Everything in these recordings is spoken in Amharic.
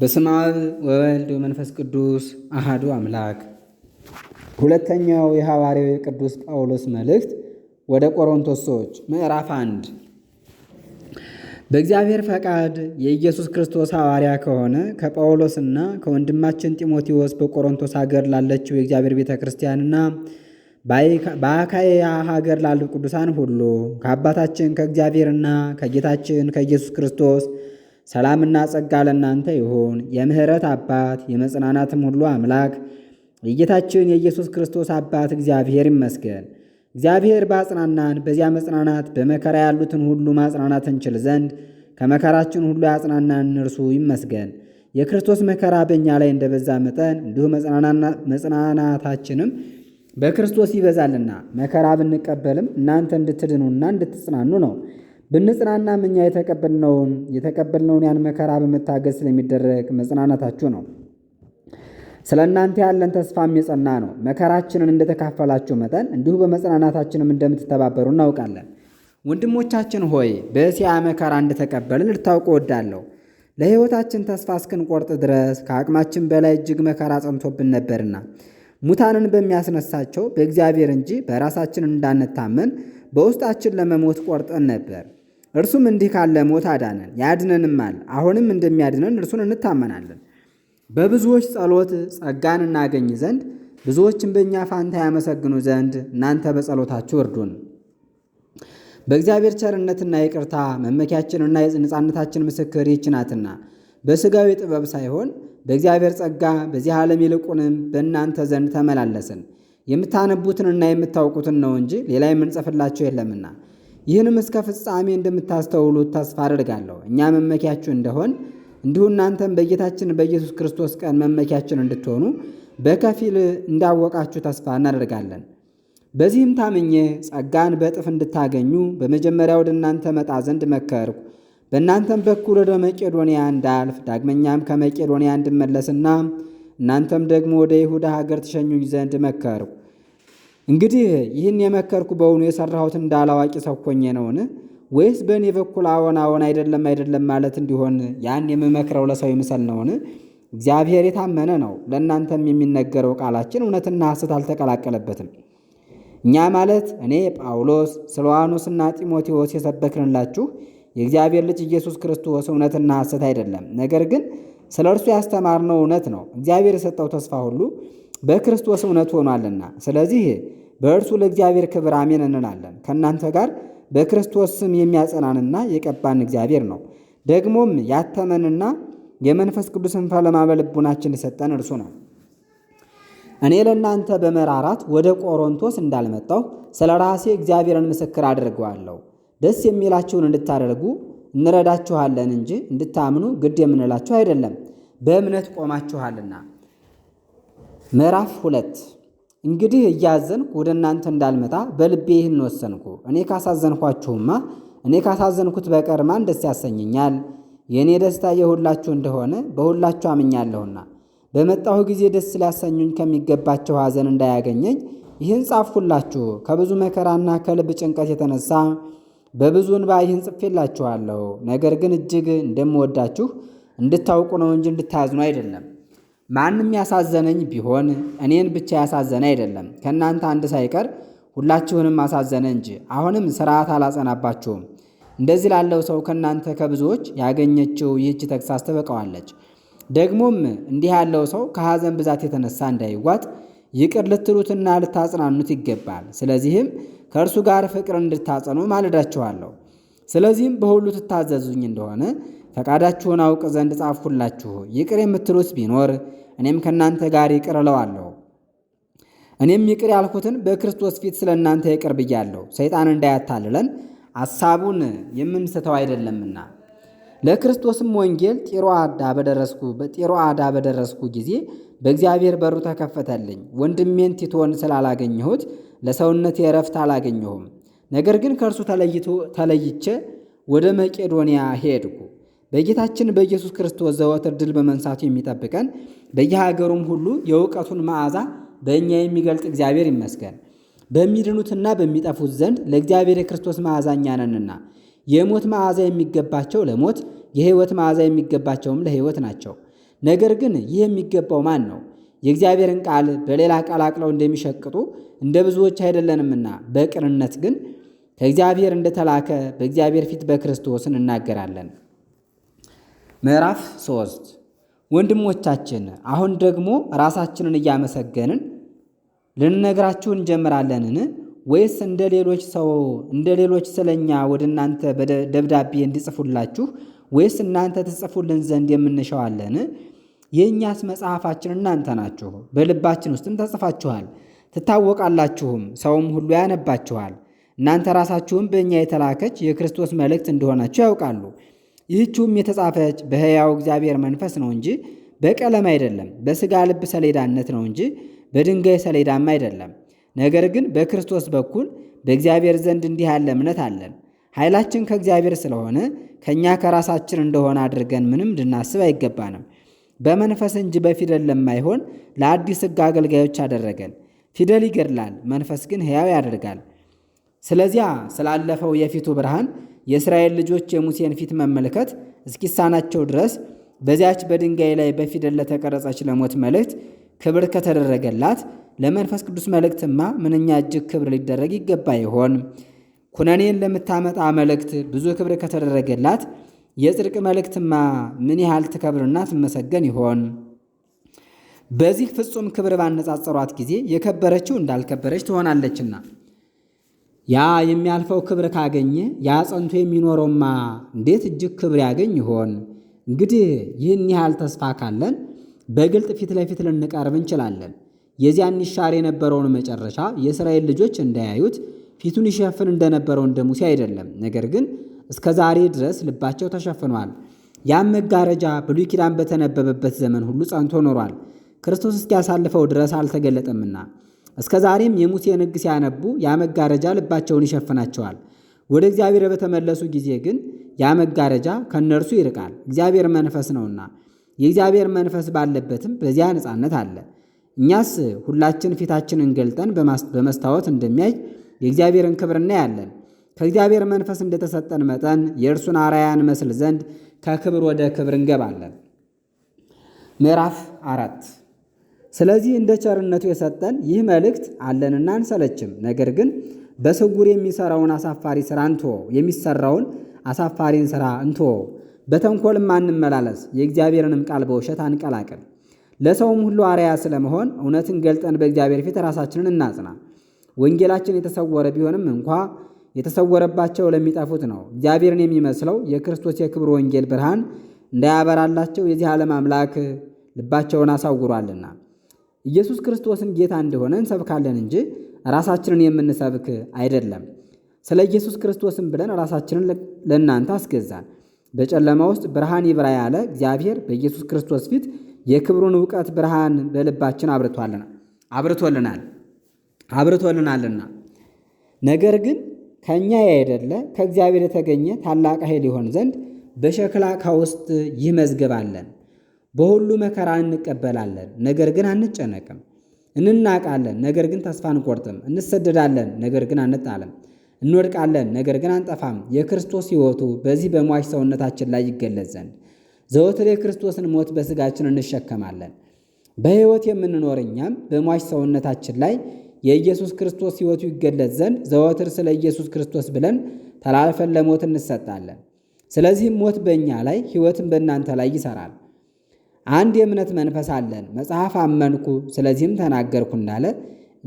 በስመ አብ ወወልድ ወመንፈስ ቅዱስ አሃዱ አምላክ። ሁለተኛው የሐዋርያው የቅዱስ ጳውሎስ መልእክት ወደ ቆሮንቶስ ሰዎች ምዕራፍ አንድ በእግዚአብሔር ፈቃድ የኢየሱስ ክርስቶስ ሐዋርያ ከሆነ ከጳውሎስና ከወንድማችን ጢሞቴዎስ በቆሮንቶስ ሀገር ላለችው የእግዚአብሔር ቤተ ክርስቲያንና በአካያ ሀገር ላሉ ቅዱሳን ሁሉ ከአባታችን ከእግዚአብሔርና ከጌታችን ከኢየሱስ ክርስቶስ ሰላምና ጸጋ ለእናንተ ይሁን። የምሕረት አባት የመጽናናትም ሁሉ አምላክ የጌታችን የኢየሱስ ክርስቶስ አባት እግዚአብሔር ይመስገን። እግዚአብሔር ባጽናናን በዚያ መጽናናት በመከራ ያሉትን ሁሉ ማጽናናት እንችል ዘንድ ከመከራችን ሁሉ ያጽናናን እርሱ ይመስገን። የክርስቶስ መከራ በእኛ ላይ እንደበዛ መጠን እንዲሁ መጽናናታችንም በክርስቶስ ይበዛልና መከራ ብንቀበልም እናንተ እንድትድኑና እንድትጽናኑ ነው። ብንጽናናም እኛ የተቀበልነውን የተቀበልነውን ያን መከራ በመታገዝ ስለሚደረግ መጽናናታችሁ ነው። ስለ እናንተ ያለን ተስፋም የጸና ነው። መከራችንን እንደተካፈላችሁ መጠን እንዲሁ በመጽናናታችንም እንደምትተባበሩ እናውቃለን። ወንድሞቻችን ሆይ በእስያ መከራ እንደተቀበልን ልታውቁ እወዳለሁ። ለሕይወታችን ተስፋ እስክንቆርጥ ድረስ ከአቅማችን በላይ እጅግ መከራ ጸንቶብን ነበርና ሙታንን በሚያስነሳቸው በእግዚአብሔር እንጂ በራሳችን እንዳንታመን በውስጣችን ለመሞት ቆርጠን ነበር። እርሱም እንዲህ ካለ ሞት አዳነን ያድነንማል፣ አሁንም እንደሚያድነን እርሱን እንታመናለን። በብዙዎች ጸሎት ጸጋን እናገኝ ዘንድ ብዙዎችን በእኛ ፋንታ ያመሰግኑ ዘንድ እናንተ በጸሎታችሁ እርዱን። በእግዚአብሔር ቸርነትና ይቅርታ መመኪያችንና የነፃነታችን ምስክር ይህች ናትና በሥጋዊ ጥበብ ሳይሆን በእግዚአብሔር ጸጋ በዚህ ዓለም ይልቁንም በእናንተ ዘንድ ተመላለስን። የምታነቡትንና የምታውቁትን ነው እንጂ ሌላ የምንጽፍላችሁ የለምና ይህንም እስከ ፍጻሜ እንደምታስተውሉት ተስፋ አደርጋለሁ። እኛ መመኪያችሁ እንደሆን እንዲሁ እናንተም በጌታችን በኢየሱስ ክርስቶስ ቀን መመኪያችን እንድትሆኑ በከፊል እንዳወቃችሁ ተስፋ እናደርጋለን። በዚህም ታምኜ ጸጋን በእጥፍ እንድታገኙ በመጀመሪያ ወደ እናንተ መጣ ዘንድ መከርኩ። በእናንተም በኩል ወደ መቄዶንያ እንዳልፍ ዳግመኛም ከመቄዶንያ እንድመለስና እናንተም ደግሞ ወደ ይሁዳ ሀገር ትሸኙኝ ዘንድ መከርኩ። እንግዲህ ይህን የመከርኩ በውኑ የሰራሁት እንዳላዋቂ ሰው ነውን? ወይስ በእኔ በኩል አዎን አዎን አይደለም አይደለም ማለት እንዲሆን ያን የምመክረው ለሰው ይምሰል ነውን? እግዚአብሔር የታመነ ነው፣ ለእናንተም የሚነገረው ቃላችን እውነትና ሐሰት አልተቀላቀለበትም። እኛ ማለት እኔ ጳውሎስ፣ ስልዋኖስና ጢሞቴዎስ የሰበክንላችሁ የእግዚአብሔር ልጅ ኢየሱስ ክርስቶስ እውነትና ሐሰት አይደለም፣ ነገር ግን ስለ እርሱ ያስተማርነው እውነት ነው። እግዚአብሔር የሰጠው ተስፋ ሁሉ በክርስቶስ እውነት ሆኗልና። ስለዚህ በእርሱ ለእግዚአብሔር ክብር አሜን እንላለን። ከእናንተ ጋር በክርስቶስ ስም የሚያጸናንና የቀባን እግዚአብሔር ነው። ደግሞም ያተመንና የመንፈስ ቅዱስን ፈለማ በልቡናችን የሰጠን እርሱ ነው። እኔ ለእናንተ በመራራት ወደ ቆሮንቶስ እንዳልመጣሁ ስለ ራሴ እግዚአብሔርን ምስክር አድርገዋለሁ። ደስ የሚላችሁን እንድታደርጉ እንረዳችኋለን እንጂ እንድታምኑ ግድ የምንላችሁ አይደለም፣ በእምነት ቆማችኋልና። ምዕራፍ ሁለት እንግዲህ እያዘንኩ ወደ እናንተ እንዳልመጣ በልቤ ይህን ወሰንኩ። እኔ ካሳዘንኳችሁማ እኔ ካሳዘንኩት በቀር ማን ደስ ያሰኘኛል? የእኔ ደስታ የሁላችሁ እንደሆነ በሁላችሁ አምኛለሁና በመጣሁ ጊዜ ደስ ሊያሰኙኝ ከሚገባቸው ሐዘን እንዳያገኘኝ ይህን ጻፍሁላችሁ። ከብዙ መከራና ከልብ ጭንቀት የተነሳ በብዙ እንባ ይህን ጽፌላችኋለሁ። ነገር ግን እጅግ እንደምወዳችሁ እንድታውቁ ነው እንጂ እንድታዝኑ አይደለም። ማንም ያሳዘነኝ ቢሆን እኔን ብቻ ያሳዘነ አይደለም፣ ከእናንተ አንድ ሳይቀር ሁላችሁንም አሳዘነ እንጂ። አሁንም ስርዓት አላጸናባችሁም። እንደዚህ ላለው ሰው ከእናንተ ከብዙዎች ያገኘችው ይህች ተግሳስ ትበቃዋለች። ደግሞም እንዲህ ያለው ሰው ከሐዘን ብዛት የተነሳ እንዳይዋጥ ይቅር ልትሉትና ልታጽናኑት ይገባል። ስለዚህም ከእርሱ ጋር ፍቅር እንድታጸኑ ማልዳችኋለሁ። ስለዚህም በሁሉ ትታዘዙኝ እንደሆነ ፈቃዳችሁን አውቅ ዘንድ ጻፍሁላችሁ። ይቅር የምትሉስ ቢኖር እኔም ከእናንተ ጋር ይቅር እለዋለሁ። እኔም ይቅር ያልኩትን በክርስቶስ ፊት ስለ እናንተ ይቅር ብያለሁ፣ ሰይጣን እንዳያታልለን አሳቡን የምንስተው አይደለምና። ለክርስቶስም ወንጌል ጢሮአዳ በደረስኩ በደረስኩ ጊዜ በእግዚአብሔር በሩ ተከፈተልኝ። ወንድሜን ቲቶን ስላላገኘሁት ለሰውነት እረፍት አላገኘሁም። ነገር ግን ከእርሱ ተለይቼ ወደ መቄዶንያ ሄድኩ። በጌታችን በኢየሱስ ክርስቶስ ዘወትር ድል በመንሳቱ የሚጠብቀን በየሀገሩም ሁሉ የእውቀቱን መዓዛ በእኛ የሚገልጥ እግዚአብሔር ይመስገን። በሚድኑትና በሚጠፉት ዘንድ ለእግዚአብሔር የክርስቶስ መዓዛ እኛ ነንና የሞት መዓዛ የሚገባቸው ለሞት፣ የሕይወት መዓዛ የሚገባቸውም ለሕይወት ናቸው። ነገር ግን ይህ የሚገባው ማን ነው? የእግዚአብሔርን ቃል በሌላ ቃል አቅለው እንደሚሸቅጡ እንደ ብዙዎች አይደለንምና በቅንነት ግን ከእግዚአብሔር እንደተላከ በእግዚአብሔር ፊት በክርስቶስ እናገራለን። ምዕራፍ ሶስት ወንድሞቻችን አሁን ደግሞ ራሳችንን እያመሰገንን ልንነግራችሁ እንጀምራለንን? ወይስ እንደ ሌሎች ሰው እንደ ሌሎች ስለኛ ወደ እናንተ ደብዳቤ እንዲጽፉላችሁ ወይስ እናንተ ትጽፉልን ዘንድ የምንሻዋለን? የእኛስ መጽሐፋችን እናንተ ናችሁ፣ በልባችን ውስጥም ተጽፋችኋል፣ ትታወቃላችሁም፣ ሰውም ሁሉ ያነባችኋል። እናንተ ራሳችሁም በእኛ የተላከች የክርስቶስ መልእክት እንደሆናችሁ ያውቃሉ። ይህችውም የተጻፈች በሕያው እግዚአብሔር መንፈስ ነው እንጂ በቀለም አይደለም፣ በሥጋ ልብ ሰሌዳነት ነው እንጂ በድንጋይ ሰሌዳም አይደለም። ነገር ግን በክርስቶስ በኩል በእግዚአብሔር ዘንድ እንዲህ ያለ እምነት አለን። ኃይላችን ከእግዚአብሔር ስለሆነ ከእኛ ከራሳችን እንደሆነ አድርገን ምንም ልናስብ አይገባንም። በመንፈስ እንጂ በፊደል ለማይሆን ለአዲስ ሕግ አገልጋዮች አደረገን። ፊደል ይገድላል፣ መንፈስ ግን ሕያው ያደርጋል። ስለዚያ ስላለፈው የፊቱ ብርሃን የእስራኤል ልጆች የሙሴን ፊት መመልከት እስኪሳናቸው ድረስ በዚያች በድንጋይ ላይ በፊደል ለተቀረጸች ለሞት መልእክት ክብር ከተደረገላት ለመንፈስ ቅዱስ መልእክትማ ምንኛ እጅግ ክብር ሊደረግ ይገባ ይሆን? ኩነኔን ለምታመጣ መልእክት ብዙ ክብር ከተደረገላት የጽድቅ መልእክትማ ምን ያህል ትከብርና ትመሰገን ይሆን? በዚህ ፍጹም ክብር ባነጻጸሯት ጊዜ የከበረችው እንዳልከበረች ትሆናለችና ያ የሚያልፈው ክብር ካገኘ ያ ጸንቶ የሚኖረውማ እንዴት እጅግ ክብር ያገኝ ይሆን? እንግዲህ ይህን ያህል ተስፋ ካለን በግልጥ ፊት ለፊት ልንቀርብ እንችላለን። የዚያን ይሻር የነበረውን መጨረሻ የእስራኤል ልጆች እንዳያዩት ፊቱን ይሸፍን እንደነበረው እንደ ሙሴ አይደለም። ነገር ግን እስከ ዛሬ ድረስ ልባቸው ተሸፍኗል። ያም መጋረጃ ብሉይ ኪዳን በተነበበበት ዘመን ሁሉ ጸንቶ ኖሯል። ክርስቶስ እስኪያሳልፈው ድረስ አልተገለጠምና እስከ ዛሬም የሙሴን ሕግ ሲያነቡ ያመጋረጃ ልባቸውን ይሸፍናቸዋል። ወደ እግዚአብሔር በተመለሱ ጊዜ ግን ያመጋረጃ ከእነርሱ ይርቃል። እግዚአብሔር መንፈስ ነውና የእግዚአብሔር መንፈስ ባለበትም በዚያ ነፃነት አለ። እኛስ ሁላችን ፊታችንን ገልጠን በመስታወት እንደሚያይ የእግዚአብሔርን ክብር እናያለን። ከእግዚአብሔር መንፈስ እንደተሰጠን መጠን የእርሱን አራያን መስል ዘንድ ከክብር ወደ ክብር እንገባለን። ምዕራፍ አራት ስለዚህ እንደ ቸርነቱ የሰጠን ይህ መልእክት አለንና አንሰለችም። ነገር ግን በስውር የሚሰራውን አሳፋሪ ስራ እንቶ የሚሰራውን አሳፋሪን ስራ እንቶ በተንኮልም አንመላለስ፣ የእግዚአብሔርንም ቃል በውሸት አንቀላቅል። ለሰውም ሁሉ አርያ ስለመሆን እውነትን ገልጠን በእግዚአብሔር ፊት ራሳችንን እናጽና። ወንጌላችን የተሰወረ ቢሆንም እንኳ የተሰወረባቸው ለሚጠፉት ነው። እግዚአብሔርን የሚመስለው የክርስቶስ የክብር ወንጌል ብርሃን እንዳያበራላቸው የዚህ ዓለም አምላክ ልባቸውን አሳውሯልና። ኢየሱስ ክርስቶስን ጌታ እንደሆነ እንሰብካለን እንጂ ራሳችንን የምንሰብክ አይደለም። ስለ ኢየሱስ ክርስቶስም ብለን ራሳችንን ለእናንተ አስገዛን። በጨለማ ውስጥ ብርሃን ይብራ ያለ እግዚአብሔር በኢየሱስ ክርስቶስ ፊት የክብሩን እውቀት ብርሃን በልባችን አብርቶልናል አብርቶልናልና ነገር ግን ከእኛ ያይደለ ከእግዚአብሔር የተገኘ ታላቅ ኃይል ይሆን ዘንድ በሸክላ ዕቃ ውስጥ በሁሉ መከራ እንቀበላለን፣ ነገር ግን አንጨነቅም። እንናቃለን፣ ነገር ግን ተስፋ አንቆርጥም። እንሰደዳለን፣ ነገር ግን አንጣልም። እንወድቃለን፣ ነገር ግን አንጠፋም። የክርስቶስ ሕይወቱ በዚህ በሟች ሰውነታችን ላይ ይገለጽ ዘንድ ዘወትር የክርስቶስን ሞት በሥጋችን እንሸከማለን። በሕይወት የምንኖር እኛም በሟች ሰውነታችን ላይ የኢየሱስ ክርስቶስ ሕይወቱ ይገለጽ ዘንድ ዘወትር ስለ ኢየሱስ ክርስቶስ ብለን ተላልፈን ለሞት እንሰጣለን። ስለዚህም ሞት በእኛ ላይ ሕይወትን በእናንተ ላይ ይሠራል። አንድ የእምነት መንፈስ አለን። መጽሐፍ አመንኩ ስለዚህም ተናገርኩ እንዳለ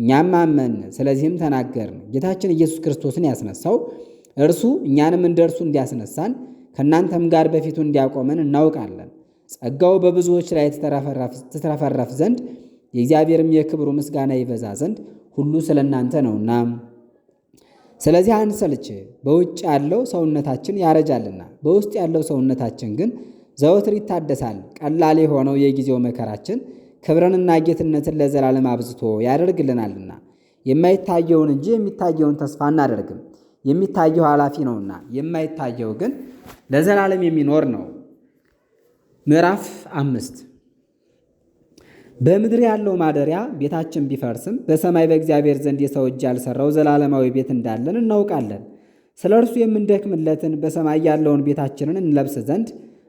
እኛም አመን ስለዚህም ተናገርን። ጌታችን ኢየሱስ ክርስቶስን ያስነሳው እርሱ እኛንም እንደ እርሱ እንዲያስነሳን ከእናንተም ጋር በፊቱ እንዲያቆመን እናውቃለን። ጸጋው በብዙዎች ላይ ትትረፈረፍ ዘንድ የእግዚአብሔርም የክብሩ ምስጋና ይበዛ ዘንድ ሁሉ ስለ እናንተ ነውና፣ ስለዚህ አንሰልች። በውጭ ያለው ሰውነታችን ያረጃልና በውስጥ ያለው ሰውነታችን ግን ዘወትር ይታደሳል። ቀላል የሆነው የጊዜው መከራችን ክብርንና ጌትነትን ለዘላለም አብዝቶ ያደርግልናልና የማይታየውን እንጂ የሚታየውን ተስፋ አናደርግም። የሚታየው ኃላፊ ነውና የማይታየው ግን ለዘላለም የሚኖር ነው። ምዕራፍ አምስት በምድር ያለው ማደሪያ ቤታችን ቢፈርስም በሰማይ በእግዚአብሔር ዘንድ የሰው እጅ ያልሰራው ዘላለማዊ ቤት እንዳለን እናውቃለን። ስለ እርሱ የምንደክምለትን በሰማይ ያለውን ቤታችንን እንለብስ ዘንድ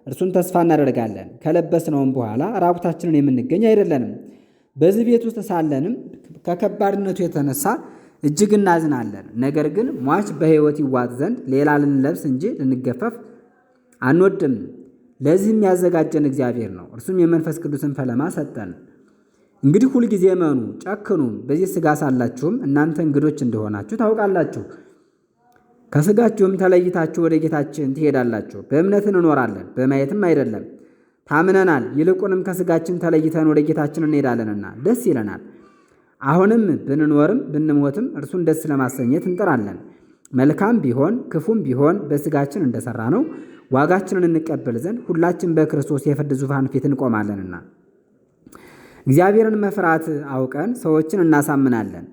እርሱን ተስፋ እናደርጋለን። ከለበስነውም በኋላ ራቁታችንን የምንገኝ አይደለንም። በዚህ ቤት ውስጥ ሳለንም ከከባድነቱ የተነሳ እጅግ እናዝናለን። ነገር ግን ሟች በሕይወት ይዋጥ ዘንድ ሌላ ልንለብስ እንጂ ልንገፈፍ አንወድም። ለዚህም ያዘጋጀን እግዚአብሔር ነው። እርሱም የመንፈስ ቅዱስን ፈለማ ሰጠን። እንግዲህ ሁልጊዜ መኑ ጨክኑም። በዚህ ሥጋ ሳላችሁም እናንተ እንግዶች እንደሆናችሁ ታውቃላችሁ። ከስጋችሁም ተለይታችሁ ወደ ጌታችን ትሄዳላችሁ። በእምነት እንኖራለን፣ በማየትም አይደለም። ታምነናል፣ ይልቁንም ከስጋችን ተለይተን ወደ ጌታችን እንሄዳለንና ደስ ይለናል። አሁንም ብንኖርም ብንሞትም እርሱን ደስ ለማሰኘት እንጥራለን። መልካም ቢሆን ክፉም ቢሆን በስጋችን እንደሰራ ነው ዋጋችንን እንቀበል ዘንድ ሁላችን በክርስቶስ የፍርድ ዙፋን ፊት እንቆማለንና እግዚአብሔርን መፍራት አውቀን ሰዎችን እናሳምናለን።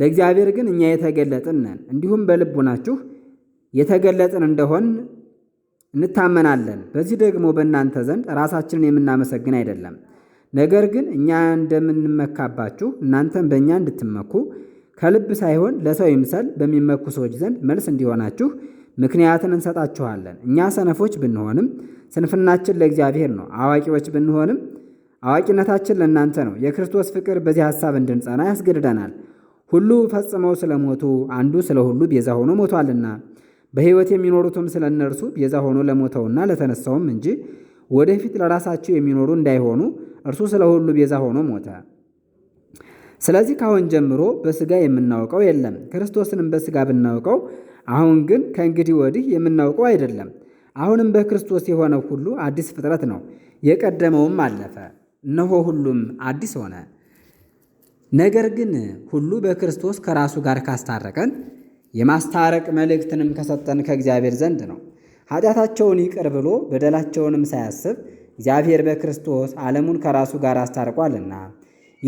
ለእግዚአብሔር ግን እኛ የተገለጥን ነን። እንዲሁም በልቡናችሁ የተገለጥን እንደሆን እንታመናለን። በዚህ ደግሞ በእናንተ ዘንድ ራሳችንን የምናመሰግን አይደለም። ነገር ግን እኛ እንደምንመካባችሁ እናንተም በእኛ እንድትመኩ ከልብ ሳይሆን ለሰው ይምሰል በሚመኩ ሰዎች ዘንድ መልስ እንዲሆናችሁ ምክንያትን እንሰጣችኋለን። እኛ ሰነፎች ብንሆንም ስንፍናችን ለእግዚአብሔር ነው። አዋቂዎች ብንሆንም አዋቂነታችን ለእናንተ ነው። የክርስቶስ ፍቅር በዚህ ሐሳብ እንድንጸና ያስገድደናል። ሁሉ ፈጽመው ስለሞቱ አንዱ ስለ ሁሉ ቤዛ ሆኖ ሞቷልና በሕይወት የሚኖሩትም ስለ እነርሱ ቤዛ ሆኖ ለሞተውና ለተነሳውም እንጂ ወደፊት ለራሳቸው የሚኖሩ እንዳይሆኑ እርሱ ስለ ሁሉ ቤዛ ሆኖ ሞተ። ስለዚህ ካሁን ጀምሮ በሥጋ የምናውቀው የለም፣ ክርስቶስንም በሥጋ ብናውቀው፣ አሁን ግን ከእንግዲህ ወዲህ የምናውቀው አይደለም። አሁንም በክርስቶስ የሆነው ሁሉ አዲስ ፍጥረት ነው፣ የቀደመውም አለፈ፣ እነሆ ሁሉም አዲስ ሆነ። ነገር ግን ሁሉ በክርስቶስ ከራሱ ጋር ካስታረቀን የማስታረቅ መልእክትንም ከሰጠን ከእግዚአብሔር ዘንድ ነው። ኃጢአታቸውን ይቅር ብሎ በደላቸውንም ሳያስብ እግዚአብሔር በክርስቶስ ዓለሙን ከራሱ ጋር አስታርቋልና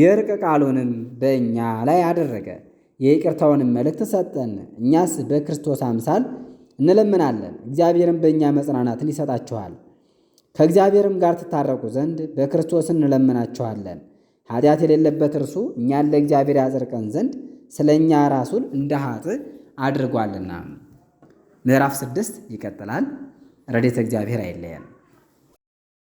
የእርቅ ቃሉንም በእኛ ላይ አደረገ። የይቅርታውንም መልእክት ሰጠን። እኛስ በክርስቶስ አምሳል እንለምናለን፣ እግዚአብሔርም በእኛ መጽናናትን ይሰጣችኋል። ከእግዚአብሔርም ጋር ትታረቁ ዘንድ በክርስቶስ እንለምናችኋለን። ኃጢአት የሌለበት እርሱ እኛን ለእግዚአብሔር ያጸድቀን ዘንድ ስለ እኛ ራሱን እንደ ኃጥእ አድርጓልና። ምዕራፍ ስድስት ይቀጥላል። ረድኤተ እግዚአብሔር አይለየን።